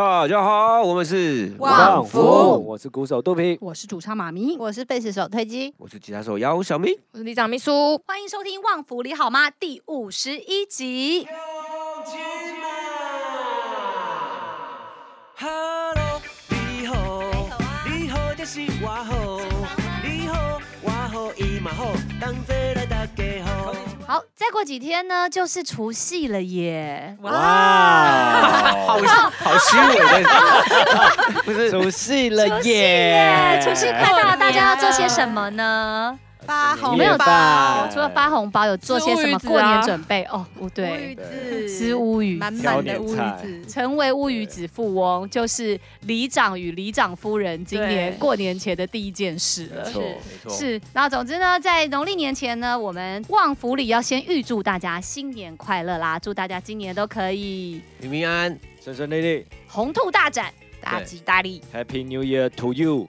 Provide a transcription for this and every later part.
大家好，我們是旺福，旺福，我是鼓手肚皮，我是主唱瑪麗，我是貝斯手推機，我是吉他手姚小民，我是里長秘書。歡迎收聽《旺福里好嗎》第五十一集。再過幾天呢，就是除夕了耶！哇，Wow, Wow. 好好虛偽的， 不是？除夕了耶，除夕快到了，大家要做些什麼呢？ 發紅包，除了發紅包，有做些什麼過年準備？哦，對，烏魚子，吃烏魚，滿滿的烏魚子，成為烏魚子富翁，就是里長與里長夫人今年過年前的第一件事了。沒錯，沒錯，是。然後總之呢，在農曆年前呢，我們旺福里要先預祝大家新年快樂啦，祝大家今年都可以平平安安、順順利利、紅兔大展、大吉大利。Happy New Year to you.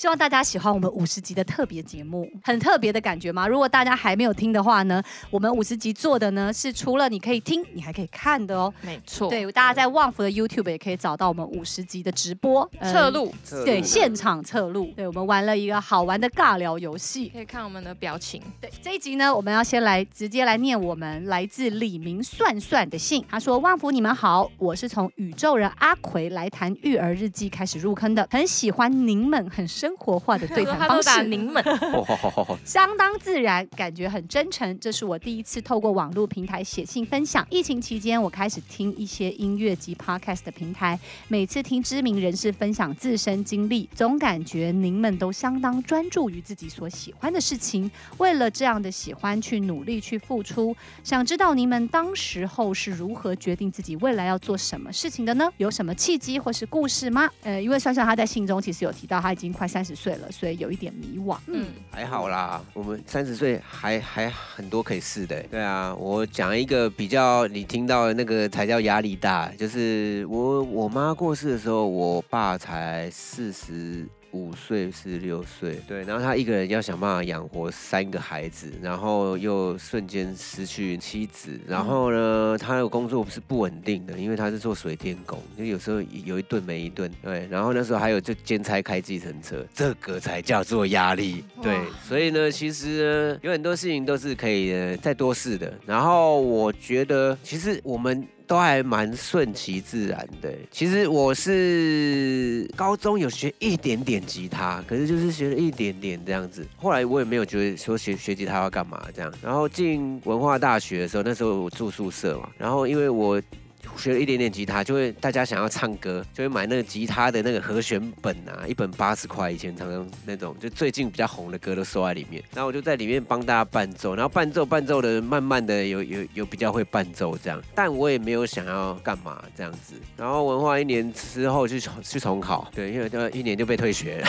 希望大家喜歡我們五十集的特別節目，很特別的感覺嗎？如果大家還沒有聽的話呢，我們五十集做的呢是除了你可以聽，你還可以看的哦。沒錯，對大家在旺福的 YouTube 也可以找到我們五十集的直播，嗯，側錄，對，現場側錄。對，我們玩了一個好玩的尬聊遊戲，可以看我們的表情。對，這一集呢，我們要先來直接來念我們來自李明算算的信，他說：“旺福你們好，我是從宇宙人阿奎來談育兒日記開始入坑的，很喜歡您們，很深。”生活化的對談方式，您們相當自然，感覺很真誠。這是我第一次透過網絡平台寫信分享。疫情期間，我開始聽一些音樂及 podcast 的平台，每次聽知名人士分享自身經歷，總感覺您們都相當專注於自己所喜歡的事情，為了這樣的喜歡去努力去付出。想知道您們當時候是如何決定自己未來要做什麼事情的呢？有什麼契機或是故事嗎？呃，因為算算他在信中其實有提到，他已經快三。三十歲了，所以有一點迷惘。嗯，還好啦，我們三十歲還還很多可以試的欸。對啊，我講一個比較你聽到的那個才叫壓力大，就是我我媽過世的時候，我爸才四十。五歲是六歲，對，然後他一個人要想辦法養活三個孩子，然後又瞬間失去妻子，然後呢，他的工作是不穩定的，因為他是做水電工，就有時候有一頓沒一頓，對，然後那時候還有就兼差開計程車，這個才叫做壓力，對，哇所以呢，其實呢有很多事情都是可以再多試的，然後我覺得其實我們。都還蠻順其自然的欸。其實我是高中有學一點點吉他，可是就是學了一點點這樣子。後來我也沒有覺得說學學吉他要幹嘛這樣。然後進文化大學的時候，那時候我住宿舍嘛，然後因為我。學了一點點吉他，就會大家想要唱歌，就會買那個吉他的那個和弦本啊，一本八十塊，以前常常那種，就最近比較紅的歌都收在裡面。然後我就在裡面幫大家伴奏，然後伴奏伴奏的，慢慢的有有有比較會伴奏這樣。但我也沒有想要幹嘛這樣子。然後文化一年之後去去重考，對，因為一年就被退學了，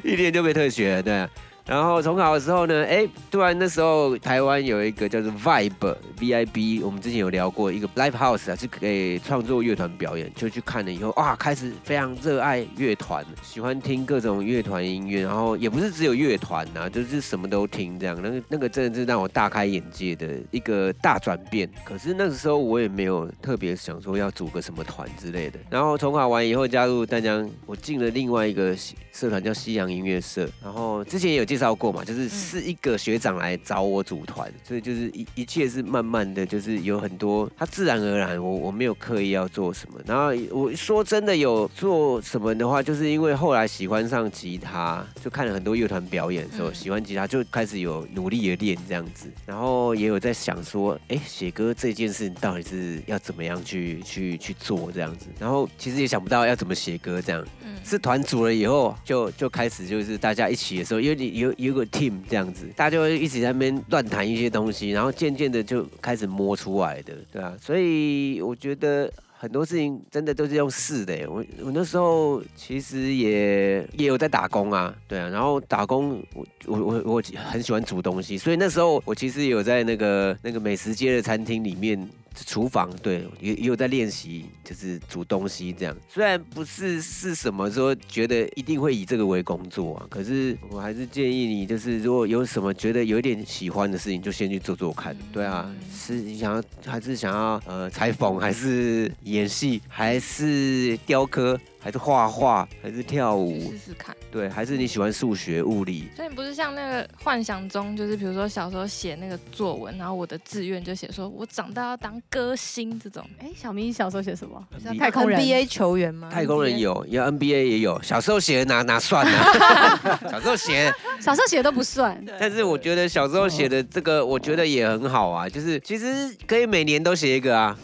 一年就被退學了，對啊。然後重考的時候呢，哎，突然那時候台灣有一個叫做 Vibe V I B，我們之前有聊過一個 Live House 啊，是給創作樂團表演，就去看了以後，哇，開始非常熱愛樂團，喜歡聽各種樂團音樂，然後也不是只有樂團吶、啊，就是什麼都聽這樣。那個那個真的是讓我大開眼界的一個大轉變。可是那個時候我也沒有特別想說要組個什麼團之類的。然後重考完以後加入淡江，我進了另外一個社團叫西洋音樂社，然後之前也有介紹過嘛，就是是一個學長來找我組團，嗯、所以就是一一切是慢慢的，就是有很多他自然而然我，我我沒有刻意要做什麼。然後我說真的有做什麼的話，就是因為後來喜歡上吉他，就看了很多樂團表演的時候，嗯、喜歡吉他就開始有努力的練這樣子，然後也有在想說，哎、欸，寫歌這件事情到底是要怎麼樣去去去做這樣子，然後其實也想不到要怎麼寫歌這樣，嗯、是團組了以後就就開始就是大家一起的時候，因為你。有有個 team 這樣子，大家就會一直在那邊亂彈一些東西，然後漸漸的就開始摸出來的，對啊，所以我覺得很多事情真的都是用試的。我我那時候其實也也有在打工啊，對啊，然後打工我我我我很喜歡煮東西，所以那時候我其實有在那個那個美食街的餐廳裡面。廚房對，也也有在練習，就是煮東西這樣。雖然不是是什麼說覺得一定會以這個為工作啊，可是我還是建議你，就是如果有什麼覺得有一點喜歡的事情，就先去做做看。對啊，是你想要還是想要呃裁縫，還是演戲，還是雕刻？還是畫畫，還是跳舞，試試看。對，還是你喜歡數學、物理？所以你不是像那個幻想，中，就是比如說小時候寫那個作文，然後我的志願就寫說，我長大要當歌星這種。哎，小明你小時候寫什麼？NBA 像太空 NBA 球員嗎？太空人有，然 NBA 也有。小時候寫的哪哪算呢、啊？小時候寫，小時候寫的都不算。 但是我覺得小時候寫的這個，我覺得也很好啊。就是其實可以每年都寫一個啊。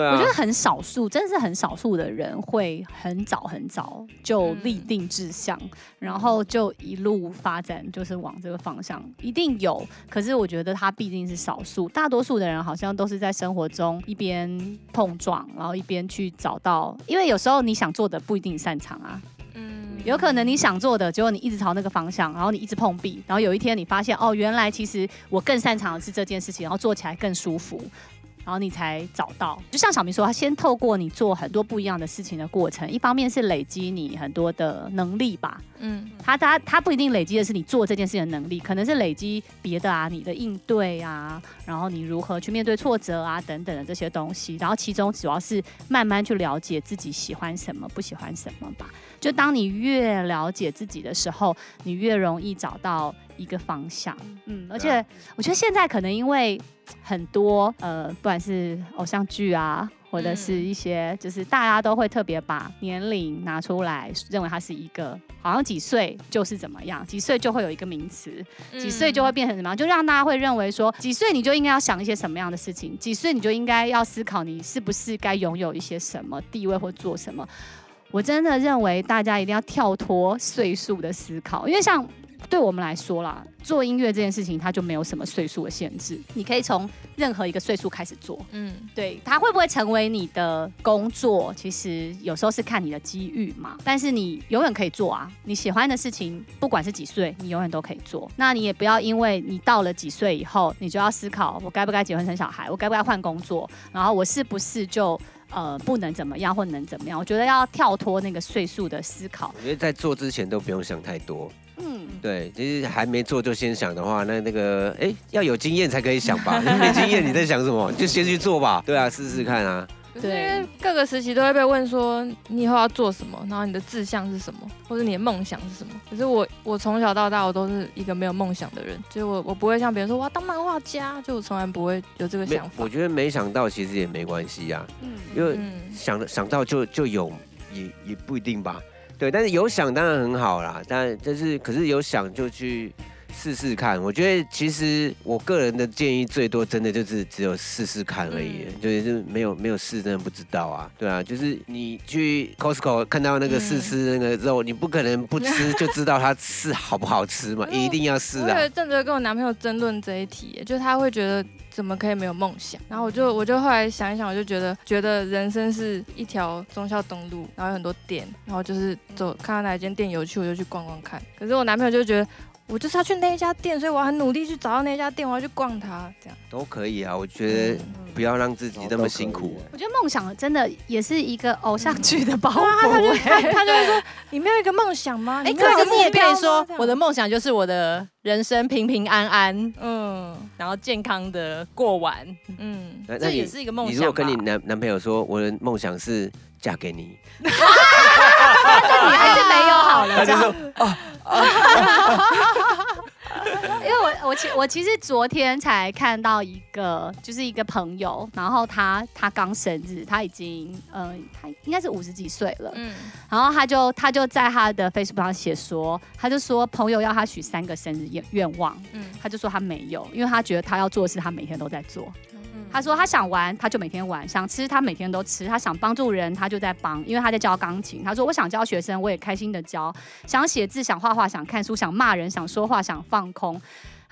我覺得很少數，對啊，真的是很少數的人會很早很早就立定志向，嗯，然後就一路發展，就是往這個方向。一定有，可是我覺得他畢竟是少數，大多數的人好像都是在生活中一邊碰撞，然後一邊去找到。因為有時候你想做的不一定擅長啊，嗯，有可能你想做的，結果你一直朝那個方向，然後你一直碰壁，然後有一天你發現，哦，原來其實我更擅長的是這件事情，然後做起來更舒服。然後你才找到，就像小明說，他先透過你做很多不一樣的事情的過程，一方面是累積你很多的能力吧，嗯，嗯他他他不一定累積的是你做這件事的能力，可能是累積別的啊，你的應對啊。然後你如何去面對挫折啊，等等的這些東西。然後其中主要是慢慢去了解自己喜歡什麼，不喜歡什麼吧。就當你越了解自己的時候，你越容易找到一個方向。嗯，而且我覺得現在可能因為很多呃，不管是偶像劇啊。或者是一些，就是大家都會特別把年齡拿出來，認為他是一個好像幾歲就是怎麼樣，幾歲就會有一個名詞，幾歲就會變成什麼樣，就讓大家會認為說，幾歲你就應該要想一些什麼樣的事情，幾歲你就應該要思考你是不是該擁有一些什麼地位或做什麼。我真的認為大家一定要跳脫歲數的思考，因為像。對我們來說啦，做音樂這件事情，它就沒有什麼歲數的限制，你可以從任何一個歲數開始做。嗯，對，它會不會成為你的工作，其實有時候是看你的機遇嘛。但是你永遠可以做啊，你喜歡的事情，不管是幾歲，你永遠都可以做。那你也不要因為你到了幾歲以後，你就要思考我該不該結婚生小孩，我該不該換工作，然後我是不是就呃不能怎麼樣或能怎麼樣？我覺得要跳脫那個歲數的思考。我覺得在做之前都不用想太多。嗯，對，其實還沒做就先想的話，那那個，哎，要有經驗才可以想吧。你沒經驗你在想什麼？你就先去做吧。對啊，試試看啊。對，各個時期都會被問說你以後要做什麼，然後你的志向是什麼，或者你的夢想是什麼。可是我我從小到大我都是一個沒有夢想的人，所以我我不會像別人說哇，當漫畫家，就我從來不會有這個想法。我覺得沒想到其實也沒關係呀，嗯，因為想想到就就有，也也不一定吧。對，但是有想當然很好啦，但就是，可是有想就去試試看，我覺得其實我個人的建議最多，真的就是只有試試看而已，嗯、就是沒有沒有試，真的不知道啊。對啊，就是你去 Costco 看到那個試吃那個肉，嗯、你不可能不吃就知道它是好不好吃嘛，嗯、一定要試啊。正哲跟我男朋友爭論這一題，就他會覺得怎麼可以沒有夢想？然後我就我就後來想一想，我就覺得覺得人生是一條忠孝東路，然後有很多店，然後就是走看到哪一間店有趣，我就去逛逛看。可是我男朋友就覺得。我就是要去那一家店，所以我很努力去找到那家店，我要去逛它，這樣都可以啊。我覺得不要讓自己這麼辛苦。我覺得夢想真的也是一個偶像劇的包袱。他就會說：“你沒有一個夢想嗎？”哎，也可以說：“我的夢想就是我的人生平平安安，嗯，然後健康的過完，嗯，這也是一個夢想。”你如果跟你男男朋友說我的夢想是嫁給你，那你還是沒有好。 因為我我其我其實昨天才看到一個，就是一個朋友，然後他他剛生日，他已經嗯、呃，他應該是五十幾歲了，嗯，然後他就他就在他的 Facebook 上寫說，他就說朋友要他許三個生日願願望，嗯，他就說他沒有，因為他覺得他要做的事，他每天都在做。他說他想玩，他就每天玩；想吃，他每天都吃；他想幫助人，他就在幫，因為他在教鋼琴。他說我想教學生，我也開心的教；想寫字，想畫畫，想看書，想罵人，想說話，想放空。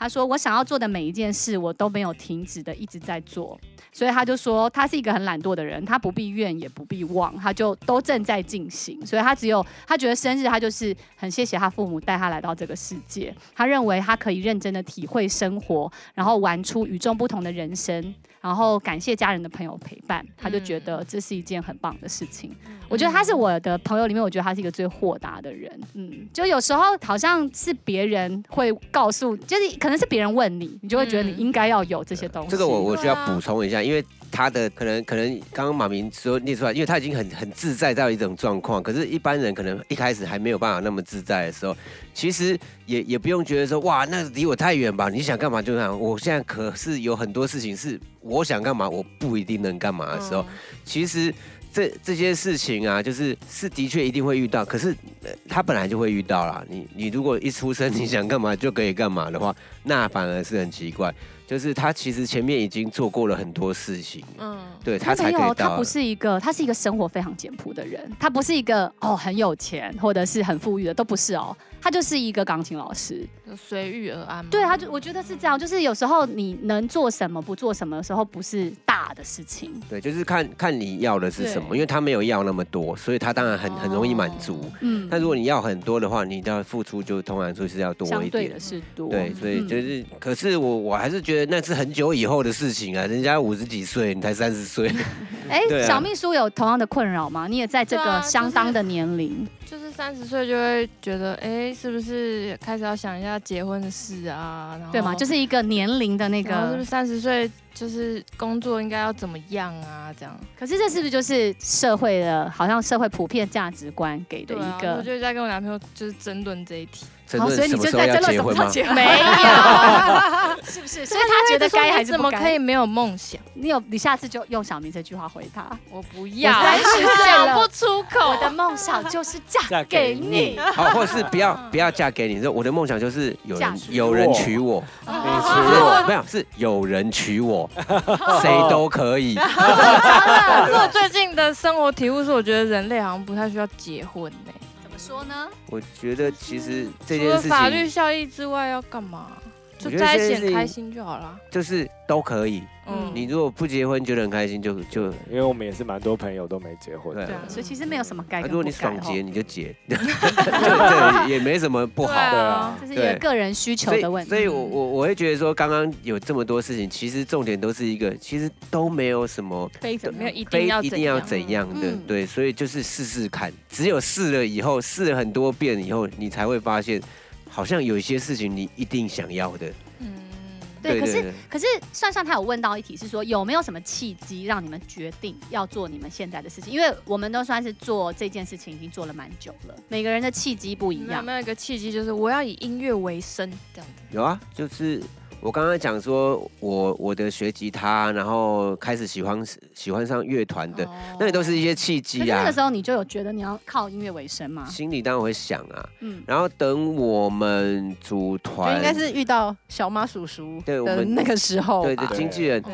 他說：“我想要做的每一件事，我都沒有停止的一直在做，所以，他就說他是一個很懶惰的人，他不必怨也不必忘，他就都正在進行。所以他只有他覺得生日，他就是很謝謝他父母帶他來到這個世界。他認為他可以認真的體會生活，然後玩出與眾不同的人生，然後感謝家人的朋友陪伴。他就覺得這是一件很棒的事情。我覺得他是我的朋友裡面，我覺得他是一個最豁達的人。嗯，就有時候好像是別人會告訴，就是可能。可能是別人問你，你就會覺得你應該要有這些東西。嗯，這個我我需要補充一下，因為他的可能可能剛剛馬明說念出來，因為他已經很很自在到一種狀況。可是，一般人可能一開始還沒有辦法那麼自在的時候，其實也也不用覺得說哇，那離我太遠吧。你想幹嘛就幹嘛。我現在可是有很多事情是我想幹嘛，我不一定能幹嘛的時候，嗯，其實。這這些事情啊，就是是的確一定會遇到，可是，呃，他本來就會遇到了。你你如果一出生你想幹嘛就可以幹嘛的話，那反而是很奇怪。就是他其實前面已經做過了很多事情，嗯，對，他才可以到，他沒有，他不是一個，他是一個生活非常簡樸的人，他不是一個哦很有錢或者是很富裕的，都不是哦，他就是一個鋼琴老師，隨遇而安，對，他就我覺得是這樣，就是有時候你能做什麼不做什麼的時候不是大的事情，對，就是看看你要的是什麼，對因為他沒有要那麼多，所以他當然很很容易滿足，哦，嗯，但如果你要很多的話，你的付出就通常就是要多一點，對的，是多，對，所以就是，嗯，可是我我還是覺得。那是很久以後的事情啊，人家五十幾歲，你才三十歲。哎，小秘書有同樣的困擾嗎？你也在這個相當的年齡、啊，就是三十歲就會覺得，哎、欸，是不是開始要想一下結婚的事啊？然後對嘛，就是一個年齡的那個，是不是三十歲就是工作應該要怎麼樣啊？這樣。可是這是不是就是社會的，好像社會普遍價值觀給的一個？啊、我就在跟我男朋友就是爭論這一題。好，所以你就在真的沒有，是不是？所以他覺得說你怎麼可以沒有夢想？你有，你下次就用小明這句話回他。我不要，想不出口的夢想就是嫁給你。好，或者是不要不要嫁給你，說我的夢想就是有人有人娶我，你娶我沒有？是有人娶我，誰都可以。但是我最近的生活體悟是，我覺得人類好像不太需要結婚呢。說呢？我覺得其實這件事情，除了法律效益之外，要幹嘛？就在一起開心就好了，就是都可以。你如果不結婚，覺得很開心，就就，因為我們也是蠻多朋友都沒結婚，對，所以其實沒有什麼概念？如果你爽結，你就結，對，也沒什麼不好的啊。這是個人需求的問題。所以，我我我會覺得說，剛剛有這麼多事情，其實重點都是一個，其實都沒有什麼非沒有一定非一定要怎樣的，對，所以就是試試看，只有試了以後，試了很多遍以後，你才會發現，好像有一些事情你一定想要的。對，對，對，對，對。可，可是可是，算上他有問到一題，是說有沒有什麼契機讓你們決定要做你們現在的事情？因為我們都算是做這件事情已經做了蠻久了，每個人的契機不一樣。有沒有一個契機就是我要以音樂為生這樣的？有啊，就是。我剛剛講說我，我我的學吉他，然後開始喜歡喜歡上樂團的，Oh. 那也都是一些契機啊。那個時候你就有覺得你要靠音樂為生嗎？心裡當然會想啊，嗯。然後等我們組團，嗯、組團應該是遇到小馬叔叔的對我們那個時候對，對的經紀人，對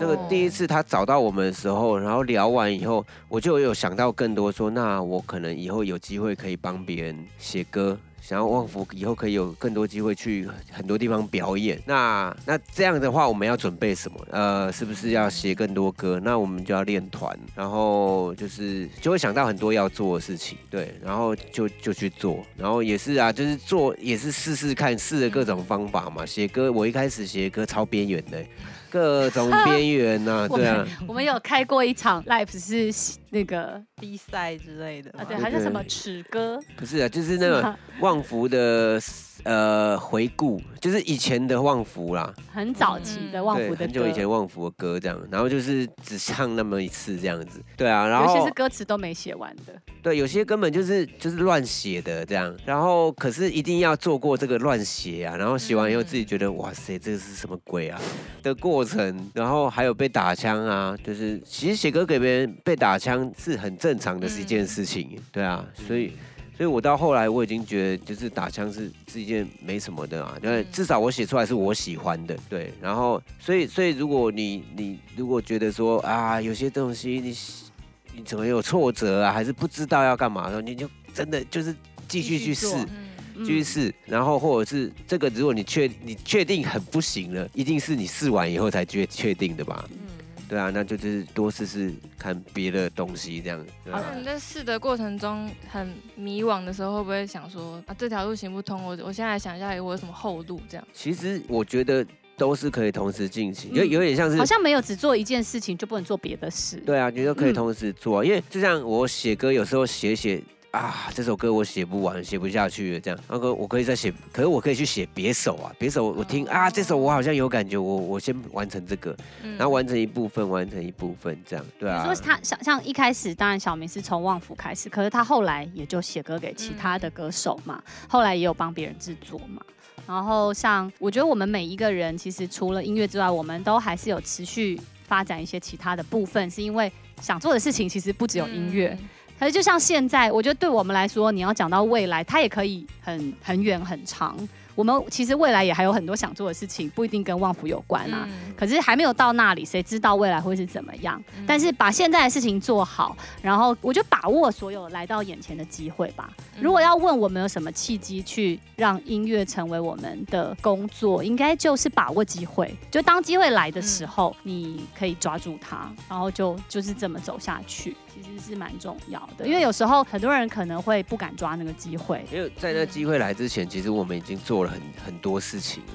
那個第一次他找到我們的時候，對然後聊完以後，我就有想到更多說，說那我可能以後有機會可以幫別人寫歌。想要旺福以後可以有更多機會去很多地方表演，那那這樣的話我們要準備什麼？呃，是不是要寫更多歌？那我們就要練團，然後就是就會想到很多要做的事情，對，然後就就去做，然後也是啊，就是做也是試試看，試了各種方法嘛。寫歌，我一開始寫歌超邊緣的欸。各種邊緣啊，啊對啊，我們，我們有開過一場 live 是那個比賽之類的，啊對，對對還是什麼曲歌，不是啊，就是那個旺福的。呃，回顧就是以前的旺福啦，很早期的旺福的歌，很久以前旺福的歌這樣，然後就是只唱那麼一次這樣子，對啊，然後有些是歌詞都沒寫完的，對，有些根本就是就是亂寫的這樣，然後可是一定要做過這個亂寫啊，然後寫完以後自己覺得、嗯、哇塞，這個是什麼鬼啊的過程，然後還有被打槍啊，就是其實寫歌給別人被打槍是很正常的是一件事情，嗯、對啊，所以。嗯所以，我到後來我已經覺得，就是打槍是是一件沒什麼的啊。因為，至少我寫出來是我喜歡的，對。然後，所以，所以，如果你你如果覺得說啊，有些東西你你怎麼有挫折啊，還是不知道要幹嘛的，你就真的就是繼續去試，繼續試。然後，或者是這個，如果你確你確定很不行了，一定是你試完以後才決確定的吧。對啊，那就，就是多試試看別的東西這樣。好像你在試的過程中很迷惘的時候，會不會想說啊這條路行不通？我我現在想一下，我有什麼後路這樣？其實我覺得都是可以同時進行，嗯、有有點像是好像沒有只做一件事情就不能做別的事。對啊，你都可以同時做，嗯、因為就像我寫歌，有時候寫寫。啊，這首歌我寫不完，寫不下去了。這樣，然後我可以再寫，可是我可以去寫別首啊，別首我聽、嗯、啊。這首我好像有感覺，我我先完成這個，嗯、然後完成一部分，完成一部分這樣。對啊。說他像像一開始，當然小明是從旺福開始，可是他後來也就寫歌給其他的歌手嘛，嗯、後來也有幫別人製作嘛。然後像我覺得我們每一個人，其實除了音樂之外，我們都還是有持續發展一些其他的部分，是因為想做的事情其實不只有音樂。嗯可是，就像現在，我覺得對我們來說，你要講到未來，它也可以很很遠很長。我們其實未來也還有很多想做的事情，不一定跟旺福有關啊。嗯、可是還沒有到那裡，誰知道未來會是怎麼樣？嗯、但是把現在的事情做好，然後我就把握所有來到眼前的機會吧。嗯、如果要問我們有什麼契機去讓音樂成為我們的工作，應該就是把握機會，就當機會來的時候，嗯、你可以抓住它，然後就就是這麼走下去。其實是蠻重要的，因為有時候很多人可能會不敢抓那個機會。因為在那機會來之前，其實我們已經做了很很多事情了。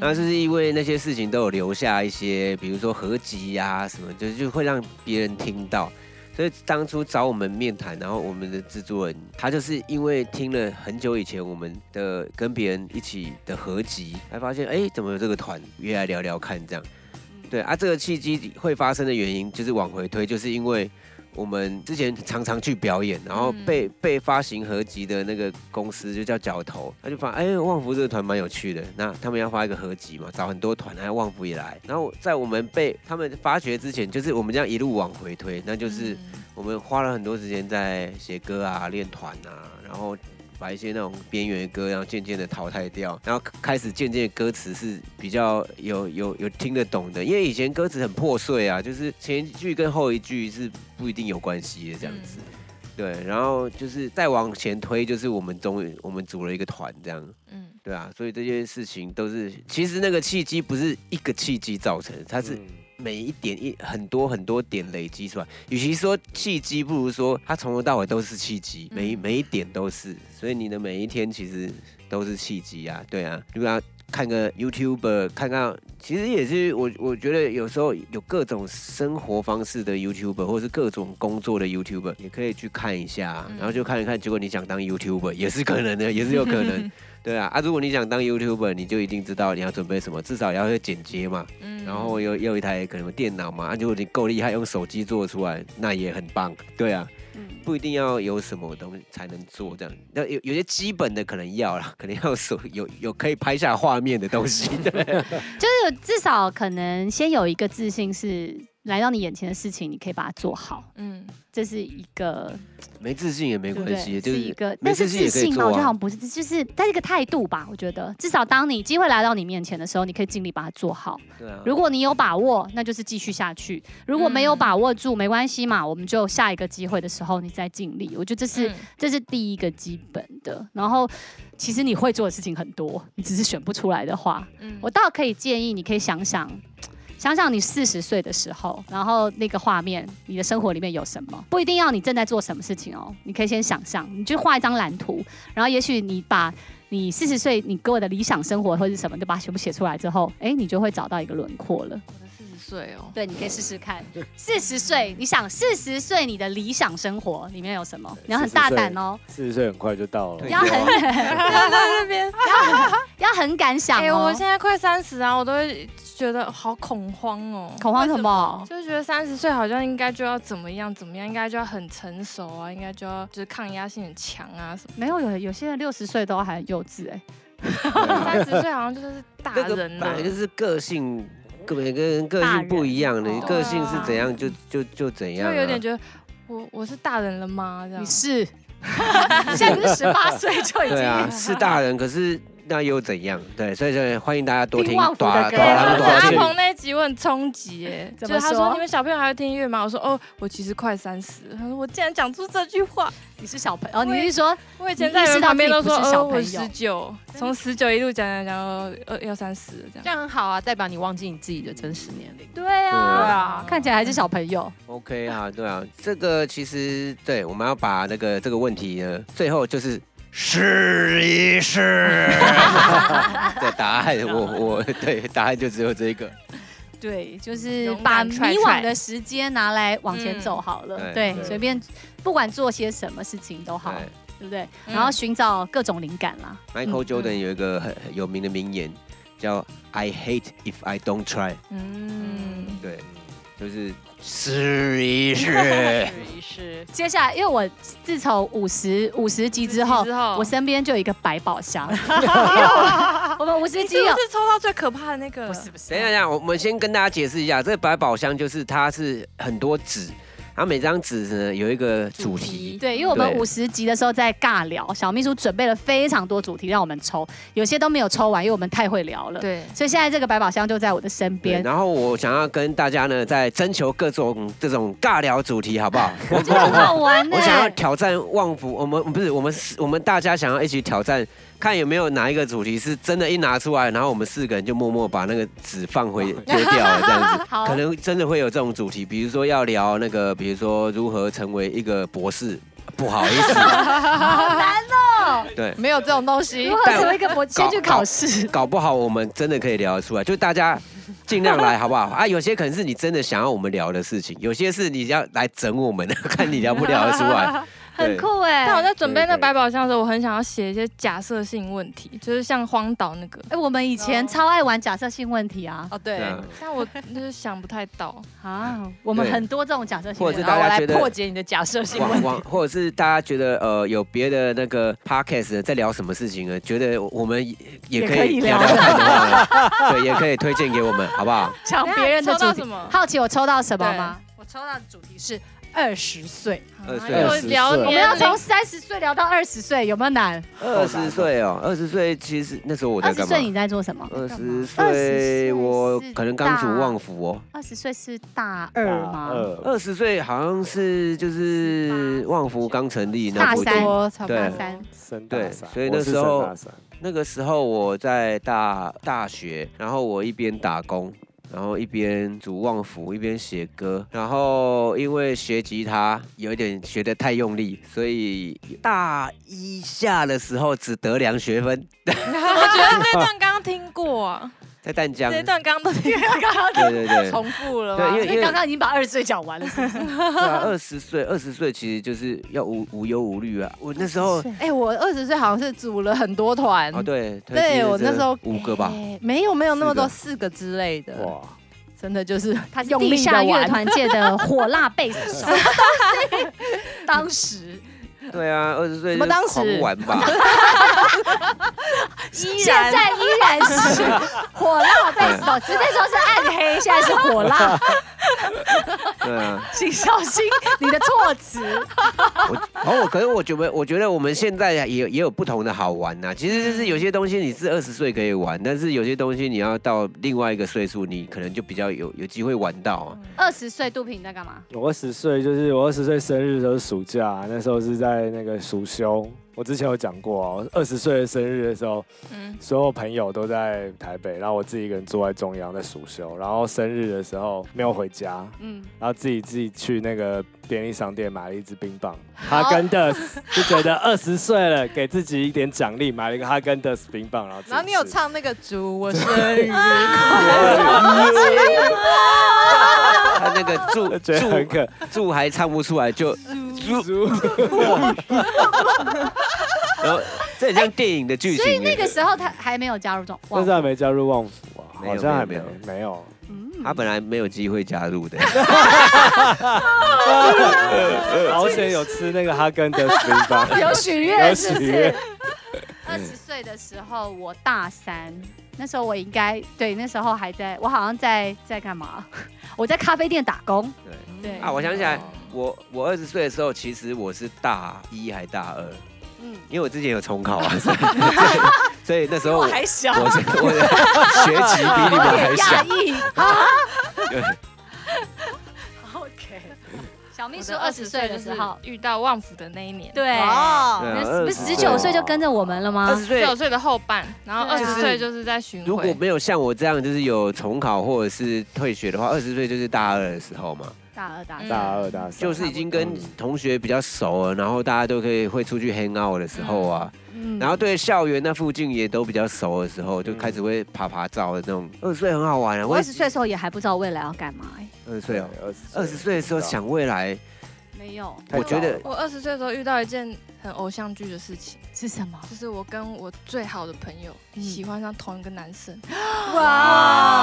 那就是因為那些事情都有留下一些，比如說合集呀、啊、什麼，就是就會讓別人聽到。所以當初找我們面談，然後我們的制作人他就是因為聽了很久以前我們的跟別人一起的合集，才發現哎，怎麼有這個團約來聊聊看這樣。對啊，這個契機會發生的原因就是往回推，就是因為。我們之前常常去表演，然後被、嗯、被發行合集的那個公司就叫角頭，他就發哎旺福這個團蠻有趣的，那他們要發一個合集嘛，找很多團，他、啊、然後旺福也來。然後在我們被他們發掘之前，就是我們這樣一路往回推，那就是我們花了很多時間在寫歌啊、練團啊，然後。把一些那種邊緣的歌，然後漸漸的淘汰掉，然後開始漸漸的歌詞是比較有有有聽得懂的，因為以前歌詞很破碎啊，就是前一句跟後一句是不一定有關係的這樣子，嗯、對，然後就是再往前推，就是我們終於我們組了一個團這樣，嗯，對啊，所以這件事情都是其實那個契機不是一個契機造成的，它是、嗯。每一點一很多很多點累積出來，與其說契機，不如說它從頭到尾都是契機，每每一點都是。所以你的每一天其實都是契機啊，對啊。你不要看個 YouTuber，看看，其實也是我我覺得有時候有各種生活方式的 YouTuber，或者是各種工作的 YouTuber，也可以去看一下、啊，然後就看一看，結果你想當 YouTuber 也是可能的，也是有可能。 對啊，啊，如果你想當 YouTuber，你就一定知道你要準備什麼，至少要有剪接嘛，嗯、然後有有一台可能電腦嘛，那、啊、如果你夠厲害，用手機做出來那也很棒。對啊，嗯、不一定要有什麼東西才能做這樣，那有有些基本的可能要啦，可能要手有有可以拍下畫面的東西， 對啊、就是至少可能先有一個自信是。來到你眼前的事情，你可以把它做好。嗯，這是一個沒自信也沒關係，對，就是一個，沒，但是自信嘛、啊，我覺得好像不是，就是它是一個態度吧。我覺得，至少當你機會來到你面前的時候，你可以盡力把它做好。對、嗯，如果你有把握，那就是繼續下去；如果沒有把握住，嗯、沒關係嘛，我們就下一個機會的時候你再盡力。我覺得這是、嗯、這是第一個基本的。然後，其實你會做的事情很多，你只是選不出來的話，嗯、我倒可以建議，你可以想想。想想你四十歲的時候，然後那個畫面，你的生活裡面有什麼？不一定要你正在做什麼事情哦，你可以先想象，你就畫一張藍圖，然後也許你把你四十歲你給我的理想生活或是什麼，就把它全部寫出來之後，哎、欸，你就會找到一個輪廓了。歲哦，對，你可以試試看。四十歲，你想四十歲你的理想生活裡面有什麼？對你要很大膽哦、喔。四十歲很快就到了。要很要到那邊，啊、要很敢想哎、喔欸、我現在快三十啊，我都會覺得好恐慌哦、喔。恐慌什麼？什麼就是覺得三十歲好像應該就要怎麼樣怎麼樣，應該就要很成熟啊，應該就要就是抗壓性很強啊什麼。沒有有有些人六十歲都還很幼稚哎、欸。三十歲好像就是大人了、啊。個就是個性。個每個人個性不一樣的，大人，你個性是怎樣就、啊、就就，就怎樣、啊。就有點覺得我，我我是大人了嗎？嗎你是， 現在是十八歲就已經對、啊、是大人，可是。那又怎樣？對，所以說歡迎大家多聽。對，阿鵬那集我很衝擊、嗯。誒，就他說你們小朋友還要聽音樂嗎？我說哦，我其實快三十。他說我竟然講出這句話，你是小朋友？哦、你是說，我以前在人旁邊都說小、呃、我十九，從十九一路講講講呃，要三十，這樣。這樣很好啊，代表你忘記你自己的真實年齡。對啊，對啊，看起來還是小朋友。嗯、OK 啊，對啊，這個其實對，我們要把那個這個問題呢，最後就是。試一試。對，答案我我對，答案就只有這一個。對，就是把迷惘的時間拿來往前走好了。嗯、對，隨對對便，不管做些什麼事情都好，對，對不對？然後尋找各種靈感啦。嗯、Michael Jordan 有一個很有名的名言，叫 “I hate if I don't try”。嗯，對。就是試一試，試一試。接下來，因為我自從五十五十集之後，我身邊就有一個百寶箱。 我們五十集是抽到最可怕的那個。不是不是。等一下，等一下，我們先跟大家解釋一下，這個百寶箱就是它是很多紙。然後、啊、每張紙呢，有一個主題，主題對，因為我們五十集的時候在尬聊，對小秘書準備了非常多主題讓我們抽，有些都沒有抽完，因為我們太會聊了，對，所以現在這個百寶箱就在我的身邊。然後我想要跟大家呢，在徵求各種這種尬聊主題，好不好？ 我 就很好玩，我想要挑戰旺福，我們不是我們我們大家想要一起挑戰。看有沒有哪一個主題是真的，一拿出來，然後我們四個人就默默把那個紙放回丟掉了，這樣子，可能真的會有這種主題，比如說要聊那個，比如說如何成為一個博士。不好意思，好難哦，對，沒有這種東西，如何成為一個博士先去考試？搞不好我們真的可以聊得出來，就大家盡量來好不好啊？有些可能是你真的想要我們聊的事情，有些是你要來整我們的，看你聊不聊得出來。很酷哎！但我在準備那百寶箱的時候，我很想要寫一些假設性問題，就是像荒島那個。哎，我們以前超愛玩假設性問題啊！哦，對，但我就是想不太到啊。我們很多這種假設性問題，或者是大家覺得破解你的假設性問題，或者是大家覺得呃有別的那個 podcast 在聊什麼事情呢？覺得我們也可以聊，對，也可以推薦給我們，好不好？搶別人的主題。好奇我抽到什麼嗎？我抽到的主題是。二十歲，二十歲聊，我們要從三十歲聊到二十歲，有沒有難？二十歲哦，二十歲其實那時候我在幹嘛？二十歲你在做什麼？二十歲，我可能剛組旺福哦。二十歲是大二嗎？二十歲好像是就是旺福剛成立，然後大三。對，所以那時候那個時候我在大大學，然後我一邊打工。然後一邊組旺福，一邊寫歌。然後因為學吉他有一點學得太用力，所以大一下的時候只得兩學分。我 覺得這段剛剛聽過啊。在淡江，這段剛剛不是剛剛都重複了對，因為剛剛已經把二十歲講完了。對，二十歲，二十歲其實就是要無無憂無慮啊。我那時候，哎，我二十歲好像是組了很多團，對，對我那時候五個吧，沒有沒有那麼多，四個之類的。哇，真的就是他是地下樂團界的火辣貝斯手，當時，對啊，二十歲我們當時玩吧？ 依然 現在依然是火辣，被 說，那時候是暗黑，現在是火辣。 對啊，請小心你的措辭。哦，可是我覺得，我覺得我們現在也也有不同的好玩吶、啊。其實就是有些東西你是二十歲可以玩，但是有些東西你要到另外一個歲數，你可能就比較有有機會玩到。二十歲肚皮在幹嘛？我二十歲就是我二十歲生日的時候是暑假、啊，那時候是在那個暑休。我之前有講過哦、喔，我二十歲的生日的時候，嗯、所有朋友都在台北，然後我自己一個人坐在中央在暑修，然後生日的時候沒有回家，嗯、然後自己自己去那個。便利商店買了一支冰棒，哈根達斯，就覺得二十歲了，給自己一點獎勵，買了一個哈根達斯冰棒，然後然後你有唱那個祝我生日快樂，他那個祝祝很可，祝還唱不出來，就祝祝，然後這很像電影的劇情，所以那個時候他還沒有加入中，現在還沒加入旺福，好像還沒有沒有。他本來沒有機會加入的。好險有吃那個哈根的書包，有許願。是不是二十歲的時候，我大三，那時候我應該對，那時候還在，我好像在在幹嘛？我在咖啡店打工。對對啊，我想起來，我我二十歲的時候，其實我是大一還大二，嗯，因為我之前有重考。所以那時候我，我還小，我是 我的學習比你們還小。對。OK，小秘書二十歲的時候遇到旺福的那一年。對。哦、oh, 嗯，不是十九歲就跟着我們了嗎？二十歲。十九歲的後半，然後二十歲就是在巡迴。如果沒有像我這樣就是有重考或者是退學的話，二十歲就是大二的時候嘛。大二大三、大二大三，就是已經跟同學比較熟了，然後大家都可以會出去 hang out 的時候啊，然後對校園那附近也都比較熟的時候，就開始會拍拍照的那種。二十歲很好玩啊！我二十歲的時候也還不知道未來要幹嘛哎。二十歲哦，二十二十歲的時候想未來，沒有。我覺得我二十歲的時候遇到一件很偶像劇的事情是什麼？就是我跟我最好的朋友喜歡上同一個男生。哇！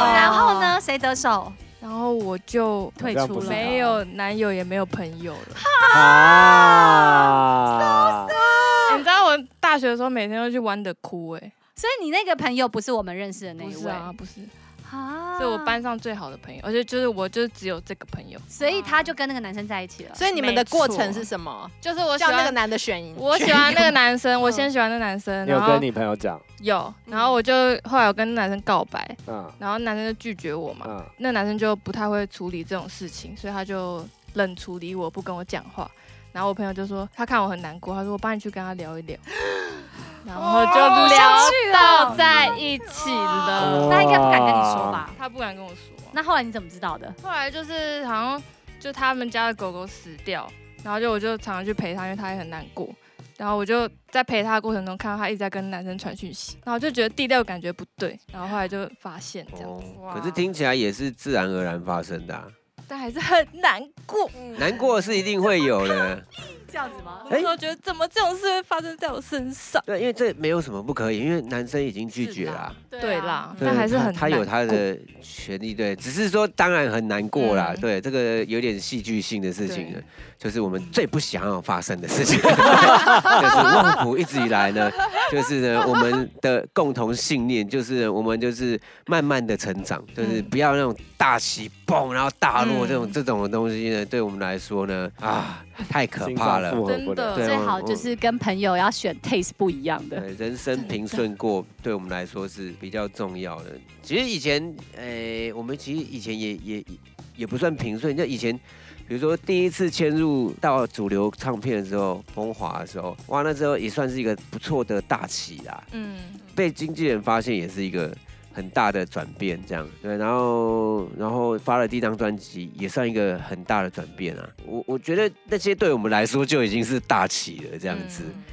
哦，然後呢？誰得手？然後我就退出了，沒有男友，也沒有朋友了。哈笑你知道我大學的時候每天都去玩的哭哎、欸，所以你那個朋友不是我們認識的那一位，不是啊，不是、啊是我班上最好的朋友，而且就是我就只有這個朋友，所以他就跟那個男生在一起了。啊、所以你們的過程是什麼？錯就是我喜歡叫那個男的選，我喜歡那個男生，用我先喜歡那個男生。嗯、後你有跟你朋友講？有，然後我就後來我跟男生告白，嗯、然後男生就拒絕我嘛。嗯、那男生就不太會處理這種事情，所以他就冷處理我，不跟我講話。然後我朋友就說他看我很難過，他說我幫你去跟他聊一聊。 然後就聊到在一起了，那、哦、應該不敢跟你說吧？哇他不敢跟我說、啊。那後來你怎麼知道的？後來就是好像就他們家的狗狗死掉，然後就我就常常去陪他，因為他也很難過。然後我就在陪他的過程中，看到他一直在跟男生傳訊息，然後就覺得第六感覺不對，然後後來就發現這樣子。哦、可是聽起來也是自然而然發生的、啊，但還是很難過。嗯、難過是一定會有的。這樣子嗎？我覺得怎麼這種事會發生在我身上、欸？對，因為這沒有什麼不可以，因為男生已經拒絕了、啊啊，對啦、啊，對但還是很他，他有他的權利，對，只是說當然很難過啦，嗯、對，這個有點戲劇性的事情。就是我們最不想要發生的事情。 對 就是旺福一直以來呢，就是呢，我們的共同信念就是，我們就是慢慢的成長，就是不要那種大起蹦，然後大落這種這種的東西呢，對我們來說呢，啊，太可怕了。真的，最好就是跟朋友要選 taste 不一樣的。人生平順過，對我們來說是比較重要的。其實以前，誒，我們其實以前也也也，也不算平順，就以前。比如說，第一次簽入到主流唱片的時候，豐華的時候，哇，那時候也算是一個不錯的大企啦。嗯，被經紀人發現也是一個很大的轉變，這樣。對，然後，然後發了第一張專輯，也算一個很大的轉變啊。我我覺得那些對我們來說就已經是大企了，這樣子。嗯、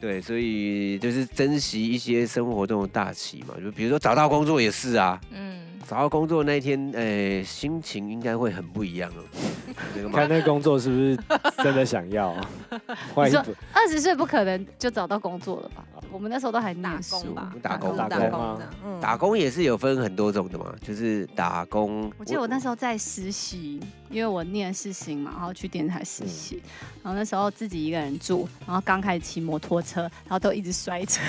對，所以就是珍惜一些生活中的大企嘛，就比如說找到工作也是啊。嗯。找到工作那一天，哎，心情應該會很不一樣哦。看那個工作是不是真的想要？你說二十歲不可能就找到工作了吧？我們那時候都還念書嘛，打工打工嗎？打工也是有分很多種的嘛，就是打工。我記得我那時候在實習，因為我念事情嘛，然後去電視台實習，然後那時候自己一個人住，然後剛開始騎摩托車，然後都一直摔車。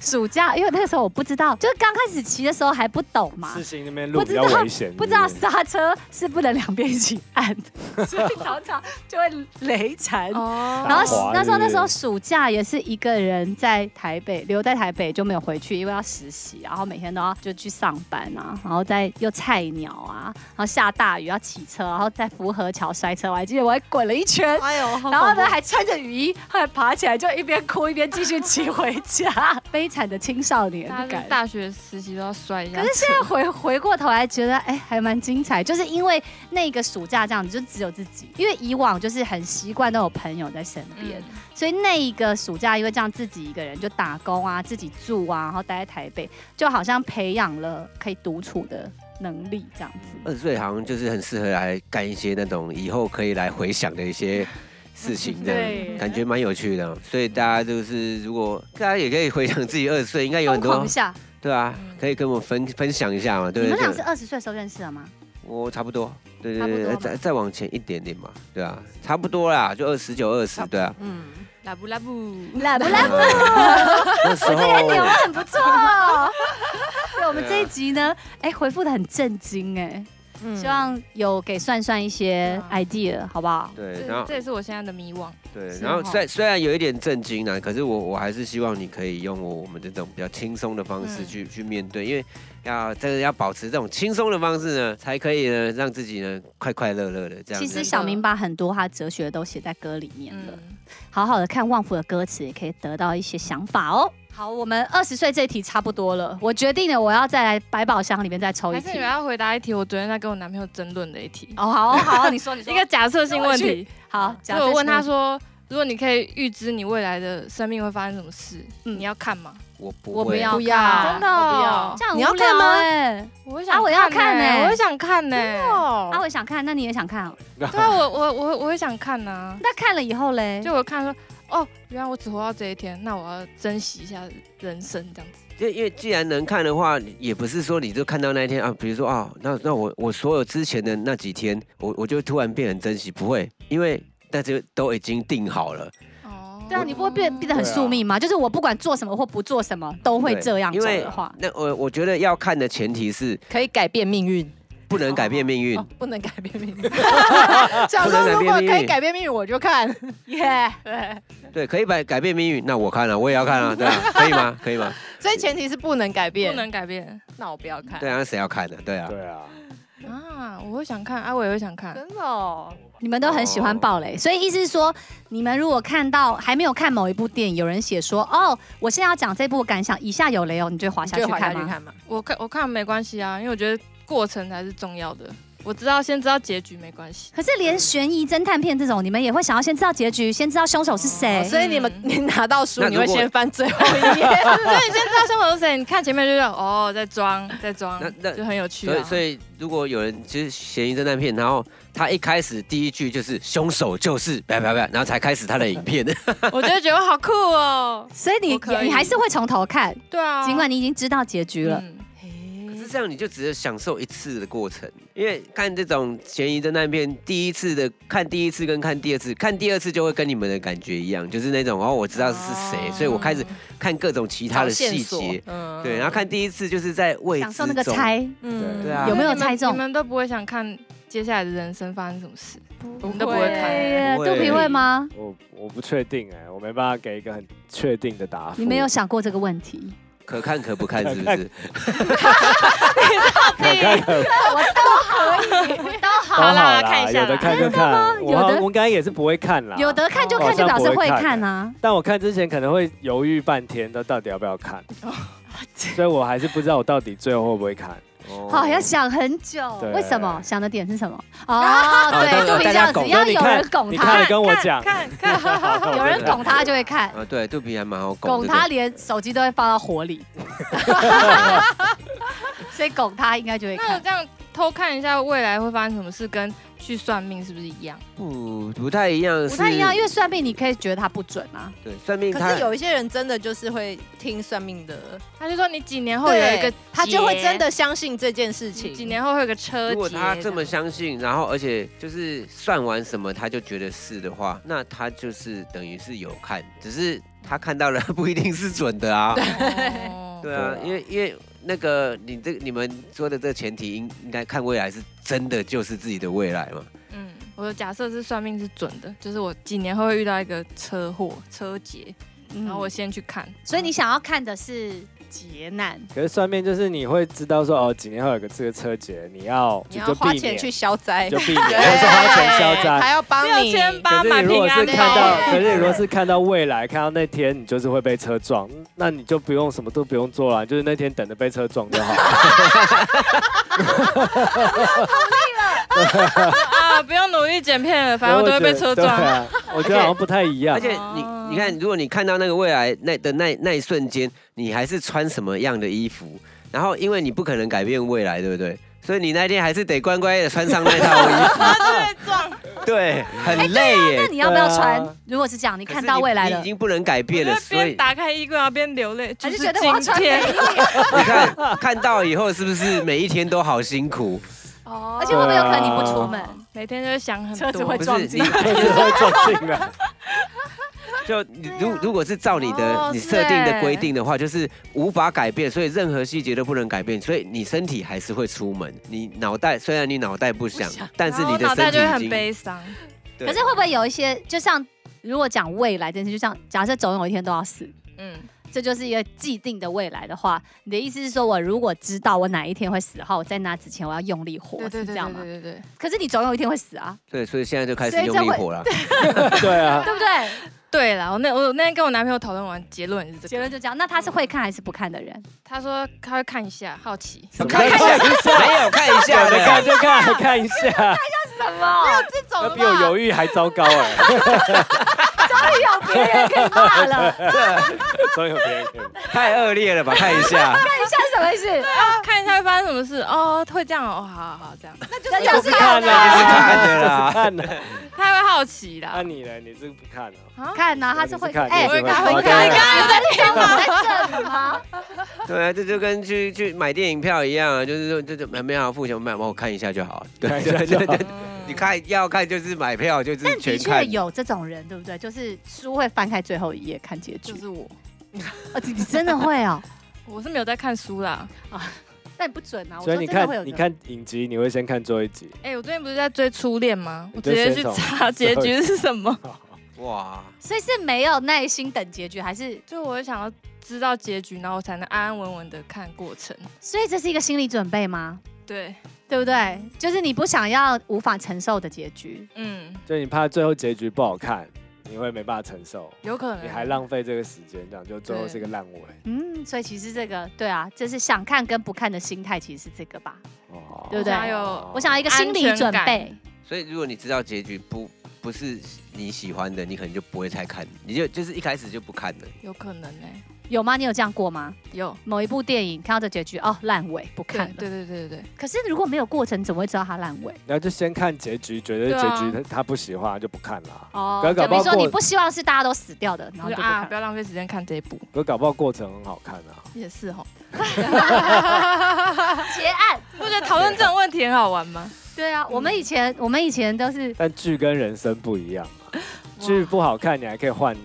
暑假因為那時候我不知道，就是剛開始騎的時候還不懂嘛。事情裡面，路比較危險，不，不，不知道剎車是不能兩邊一起按的，所以常常就會雷殘。然後那時候那時候暑假也是一個人在台北，留在台北就沒有回去，因為要實習，然後每天都要就去上班啊，然後再又菜鳥啊，然後下大雨要騎車，然後在福和橋摔車，我還記得我還滾了一圈，哎呦，然後呢還穿着雨衣，後來爬起來就一邊哭一邊繼續騎回家，悲慘的青少年的感覺。大學實習都要摔一下，可是現在回。回，回過頭來覺得，哎、欸，還蠻精彩，就是因為那個暑假這樣子，就只有自己。因為以往就是很習慣都有朋友在身邊，嗯、所以那一個暑假因為這樣自己一個人就打工啊，自己住啊，然後待在台北，就好像培養了可以獨處的能力這樣子。20歲好像就是很適合來幹一些那種以後可以來回想的一些事情，對，感覺蠻有趣的。所以大家就是如果大家也可以回想自己20歲應該有很多。對啊，可以跟我們分分享一下嘛？對，你們倆是二十歲的時候認識的嗎？我差不多，對對對，再再往前一點點嘛，對啊，差不多啦，就二十九、二十，對啊，嗯，拉布拉布，拉布拉布，那時候你們兩位很不錯哦。 對我們這一集呢，哎、啊欸，回復的很震驚哎。嗯、希望有給算算一些 idea、啊、好不好？對，然後這也是我現在的迷惘。對，然後雖雖然有一點震驚呢，可是我我還是希望你可以用我們這種比較輕鬆的方式去、嗯、去面對，因為要真的要保持這種輕鬆的方式呢，才可以呢讓自己呢快快樂樂的這樣。其實小明把很多他哲學都寫在歌裡面了，嗯、好好的看旺福的歌詞也可以得到一些想法哦。好，我們二十歲這一題差不多了。我決定了，我要再來百寶箱裡面再抽一次。還是你們要回答一題？我昨天在跟我男朋友爭論的一題。哦，好好，你說你說一個假設性問題。好，我問他說，如果你可以預知你未來的生命會發生什麼事，你要看嗎？我不要，真的，不要。這樣很無聊。你要看嗎？我會想要看呢，我會想看呢。啊，我想看，那你也想看？對啊，我我我我會想看呢。那看了以後嘞，就我看說。哦，原來我只活到這一天，那我要珍惜一下人生這樣子。因為因為既然能看的話，也不是說你就看到那一天啊，比如說啊，那那我我所有之前的那幾天，我我就突然變成珍惜，不會，因為大家都已經定好了。哦，對啊，你不會變變得很宿命嗎？對啊，就是我不管做什麼或不做什麼，都會這樣做的話。對，那我我覺得要看的前提是，可以改變命運。不能改變命運、哦，不能改變命運。假如 如果可以改變命運，我就看。耶、yeah, 對，對可以改改變命運，那我看了、啊，我也要看啊，對啊， 可以嗎？可以嗎？所以前提是不能改變，不能改變，那我不要看。對啊，誰要看的？對啊，對啊，啊，我會想看，啊、我也會想看，真的，哦，你們都很喜歡暴雷，所以意思是說，你們如果看到還沒有看某一部電影，有人寫說，哦，我現在要講這部感想，以下有雷哦，你就滑下去看嘛，去看我看我看沒關係啊，因為我覺得。過程才是重要的。我知道，先知道結局沒關係。可是連懸疑偵探片這種，你們也會想要先知道結局，先知道兇手是誰，哦。所以你們，嗯、你拿到書，你會先翻最後一頁，你 先知道兇手是誰。你看前面就是哦，在裝，在裝，那那就很有趣，啊。所以，所以如果有人就是懸疑偵探片，然後他一開始第一句就是兇手就是不要不要，然後才開始他的影片。 我覺得覺得好酷哦。所以你你還是會從頭看，對啊，儘管你已經知道結局了。嗯這樣你就只是享受一次的過程，因為看這種懸疑偵探片，第一次的看第一次跟看第二次，看第二次就會跟你們的感覺一樣，就是那種哦，我知道是誰，所以我開始看各種其他的細節，對，然後看第一次就是在為享受那個猜，對啊，有沒有猜中你？你們都不會想看接下來的人生發生什麼事，不會 你們都不會看，不會 肚皮會嗎我？我我不確定哎、欸，我沒辦法給一個很確定的答覆。你沒有想過這個問題？可看可不看，是不是？可，可看可不，我都可以，都，都，都好啦。有的看就看，有的我們剛剛也是不會看啦。有的看就看，就表示會看啊。但我看之前可能會猶豫半天，到底要不要看，所以我還是不知道我到底最後會不會看。好，要想很久，為什麼？想的點是什麼？哦，對，肚皮這樣子，要有人拱他，你跟我講，看看有人拱他就會看。對，肚皮還蠻好拱。拱他連手機都會放到火裡，所以拱他應該就會看。這樣。偷看一下未來會發生什麼事，跟去算命是不是一樣？不，不太一樣。不太一樣，因為算命你可以覺得它不準啊。對，算命。可是有一些人真的就是會聽算命的，他就說你幾年後有一個劫，他就會真的相信這件事情。幾年後會有個車劫。如果他這麼相信，然後而且就是算完什麼他就覺得是的話，那他就是等於是有看，只是他看到了不一定是準的啊。對，對啊，因為、 啊啊、因為。因為那個，你這你們說的這個前提，應應該看未來是真的就是自己的未來嗎？嗯，我的假設是算命是準的，就是我幾年後會遇到一個車禍車劫，嗯，然後我先去看。所以你想要看的是。嗯劫難，可是算命就是你會知道說哦，幾年後有個這個車劫，你要你要花錢去消災，就避免，我說花錢消災，還要幫你。可是你如果是看到，可是你如果是看到未來，看到那天你就是會被車撞，那你就不用什麼都不用做了，就是那天等着被車撞就好。努力了啊，不用努力剪片，反正都會被車撞。我覺得好像不太一樣，而且你。你看，如果你看到那個未來那的那那，那一瞬間，你還是穿什麼樣的衣服？然後，因為你不可能改變未來，對不對？所以你那天還是得乖乖的穿上那套衣服， 會對，很累耶、欸啊。那你要不要穿？啊、如果是這樣，你看到未來你，你已經不能改變了，所以打開衣櫃啊，邊流淚，還是覺得穿很 你看，看到以後是不是每一天都好辛苦？Oh, 而且會不會有可能你不出門，oh, 每天就會想很多，車子會撞進，車子會撞進。 就你如如果是照你的你設定的規定的話，就是無法改變，所以任何細節都不能改變，所以你身體還是會出門，你腦袋雖然你腦袋不想，但是你的身體就會很悲傷。可是會不會有一些，就像如果講未來的事，就像假設總有一天都要死，嗯，這就是一個既定的未來的話，你的意思是說我如果知道我哪一天會死，然後在那之前我要用力活是這樣嗎？對對對。可是你總有一天會死啊。對，所以現在就開始用力活了。 對啊。對不、啊、對、啊？對了，我那我那天跟我男朋友討論完結論是這個，結論就這樣。那他是會看還是不看的人？嗯、他說他會看一下，好奇什麼？看一下，沒有看一下，沒看就看看一下，看一下什麼？沒有這種，他比我猶豫還糟糕哎。 終於有可以別人看了，終於有可以別人看了，太惡劣了吧？看一下，看一下什麼意思？看一下會發生什麼事？哦，會這樣哦，好好好，這樣，那就是看的，就是看的，他會好奇的。那你呢？你是不看的？看啊，他是會看，哎，剛看。有看，你看。在聽嗎？對啊，這就跟去去買電影票一樣啊，就是說，這就沒沒有付錢買，我看一下就好，對對對對。你看，要看就是買票就是全。但的確有這種人，對不對？就是書會翻開最後一頁看結局，就是我。啊、 哦，你真的會哦？我是沒有在看書啦。啊好，那你不準啊！所以你看，這個，你看影集，你會先看最後一集。哎、欸，我最近不是在追《初戀》嗎？我直接去查結局是什麼。哇！ 所以是沒有耐心等結局，還是就我想要知道結局，然後我才能安安穩穩的看過程？所以這是一個心理準備嗎？對，對不對？就是你不想要無法承受的結局，嗯，就你怕最後結局不好看，你會沒辦法承受，有可能，你還浪費這個時間，這樣就最後是個爛尾。嗯，所以其實這個，對啊，就是想看跟不看的心態，其實是這個吧，哦、對不對？還有我想要一個心理準備。所以如果你知道結局不不是你喜歡的，你可能就不會再看，你就就是一開始就不看了，有可能呢、欸。有嗎？你有這樣過嗎？有某一部電影看到這結局哦，爛尾不看了。對對對對對。可是如果沒有過程，怎麼會知道它爛尾？那就先看結局，覺得結局他不喜歡就不看了。哦。等於說你不希望是大家都死掉的，然後就啊，不要浪費時間看這一部。可搞不好過程很好看啊。也是哦。結案，我覺得討論這種問題很好玩嗎？對啊，我們以前我們以前都是，但劇跟人生不一樣嘛，劇不好看你還可以換，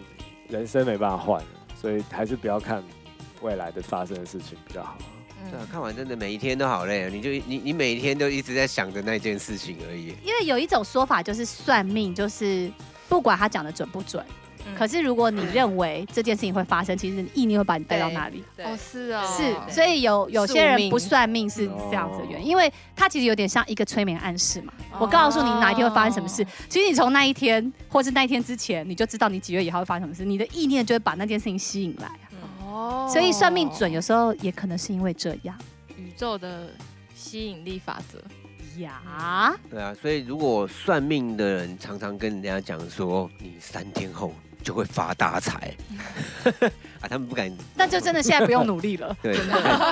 人生沒辦法換。所以還是不要看未來的發生的事情比較好。對啊，看完真的每一天都好累啊，你就你你每一天都一直在想着那件事情而已。因為有一種說法就是算命，就是不管他講的準不準。可是，如果你認為這件事情會發生，其實你意念會把你帶到那裡。哦，是啊，是。所以有有些人不算命是這樣子的原因，因為他其實有點像一個催眠暗示嘛。我告訴你哪一天會發生什麼事，其實你從那一天或是那一天之前，你就知道你幾月以後會發生什麼事。你的意念就會把那件事情吸引來。哦。所以算命準，有時候也可能是因為這樣。宇宙的吸引力法則。呀。對啊，所以如果算命的人常常跟人家講說，你三天後。就會發大財， 啊！他們不敢，那就真的現在不用努力了。 對，對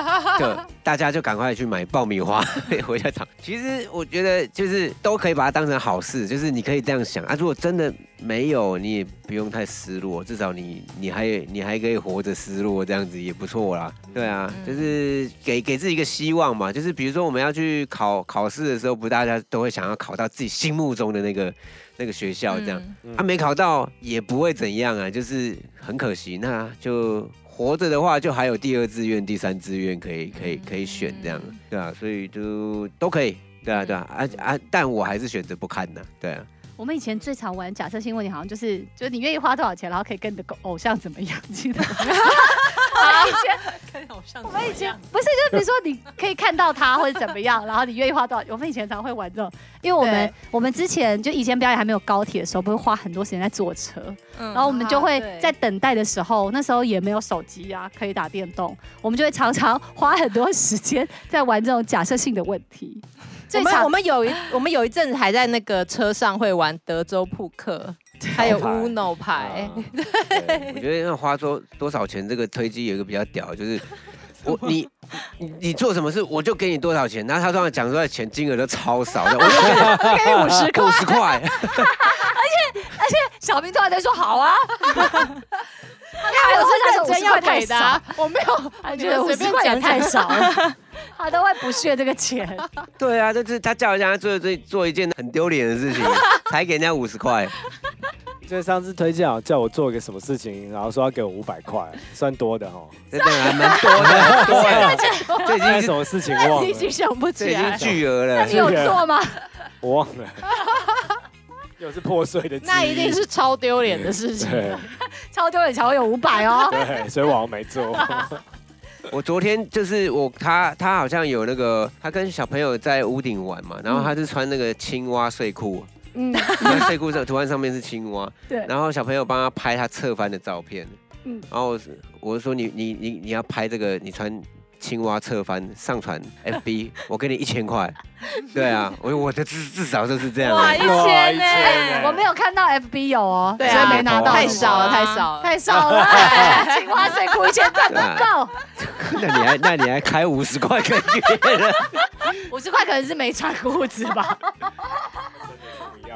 就大家就趕快去買爆米花，回家躺。其實我覺得就是都可以把它當成好事，就是你可以這樣想啊。如果真的沒有，你也不用太失落，至少你你還你還可以活着失落，這樣子也不錯啦。對啊，就是給給自己一個希望嘛。就是比如說我們要去考考試的時候，不大家都會想要考到自己心目中的那個。那個學校這樣，他、嗯啊、沒考到也不會怎樣啊，嗯、就是很可惜。那就活着的話，就還有第二志願、第三志願可以、可以、可以選這樣，嗯、對啊，所以就都可以，對啊，對啊，啊、嗯、啊！但我還是選擇不看的、啊，對啊。我們以前最常玩假設性問題，好像就是，就是你願意花多少錢，然後可以跟你的偶像怎麼樣？記得。 我們以前我們以前不是，就是比如說，你可以看到他或者怎麼樣，然後你願意花多少？我們以前常會玩這種，因為我們我們之前就以前表演還沒有高鐵的時候，不會花很多時間在坐車，然後我們就會在等待的時候，那時候也沒有手機呀，可以打電動，我們就會常常花很多時間在玩這種假設性的問題。我們我們有我們有一陣子還在那個車上會玩德州撲克。還有 Uno 牌，啊、對。對對我覺得那花多多少錢，這個推機有一個比較屌，就是我你你你做什麼事，我就給你多少錢。然後他剛剛講出來錢，金額都超少的，我給你五十塊，五十塊。而且而且小兵突然在說好啊，因為我是那真要給的，我沒有，我覺得五十塊也太少了。他都會不屑這個錢。對啊，就是他叫人家做一件很丟臉的事情，才給人家五十塊。就上次推薦，叫我做一個什麼事情，然後說要給我五百塊，算多的哦。這當然還蠻多的。這已經是什麼事情忘了。已經想不起來。已經巨額了。你有做嗎？我忘了。又是破碎的。那一定是超丟臉的事情，超丟臉才會有五百哦。對，所以我還沒做。我昨天就是我，他他好像有那個，他跟小朋友在屋頂玩嘛，然後他是穿那個青蛙睡褲，嗯，睡褲上圖案上面是青蛙，對，然後小朋友幫他拍他側翻的照片，嗯，然後我是我是說你你你你要拍這個，你穿。青蛙側翻上傳 FB，我給你一千塊。對啊，我我的至至少就是這樣。哇，一千呢、欸？我沒有看到 FB 有哦，對、啊，所以沒拿到。啊、太少了，啊、太少了，啊、太少了！啊、對青蛙水庫一千塊不夠。那你還那你還開五十塊，一個月五十塊，可能是沒穿褲子吧。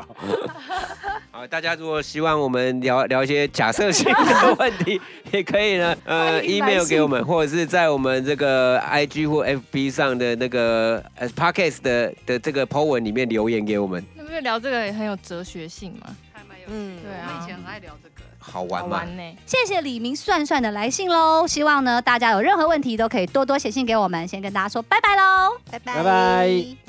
好，大家如果希望我們聊聊一些假設性的問題，也可以呢。 呃，email 給我們，或者是在我們這個 IG 或 FB 上的那個 Sparks 的的這個 po 文裡面留言給我們。那不是聊這個也很有哲學性嗎？太有意、嗯、對啊、我以前很愛聊這個。好玩嗎？好玩呢。謝謝李明算算的來信嘍。希望呢大家有任何問題都可以多多寫信給我們。先跟大家說拜拜嘍，拜拜 bye。Bye bye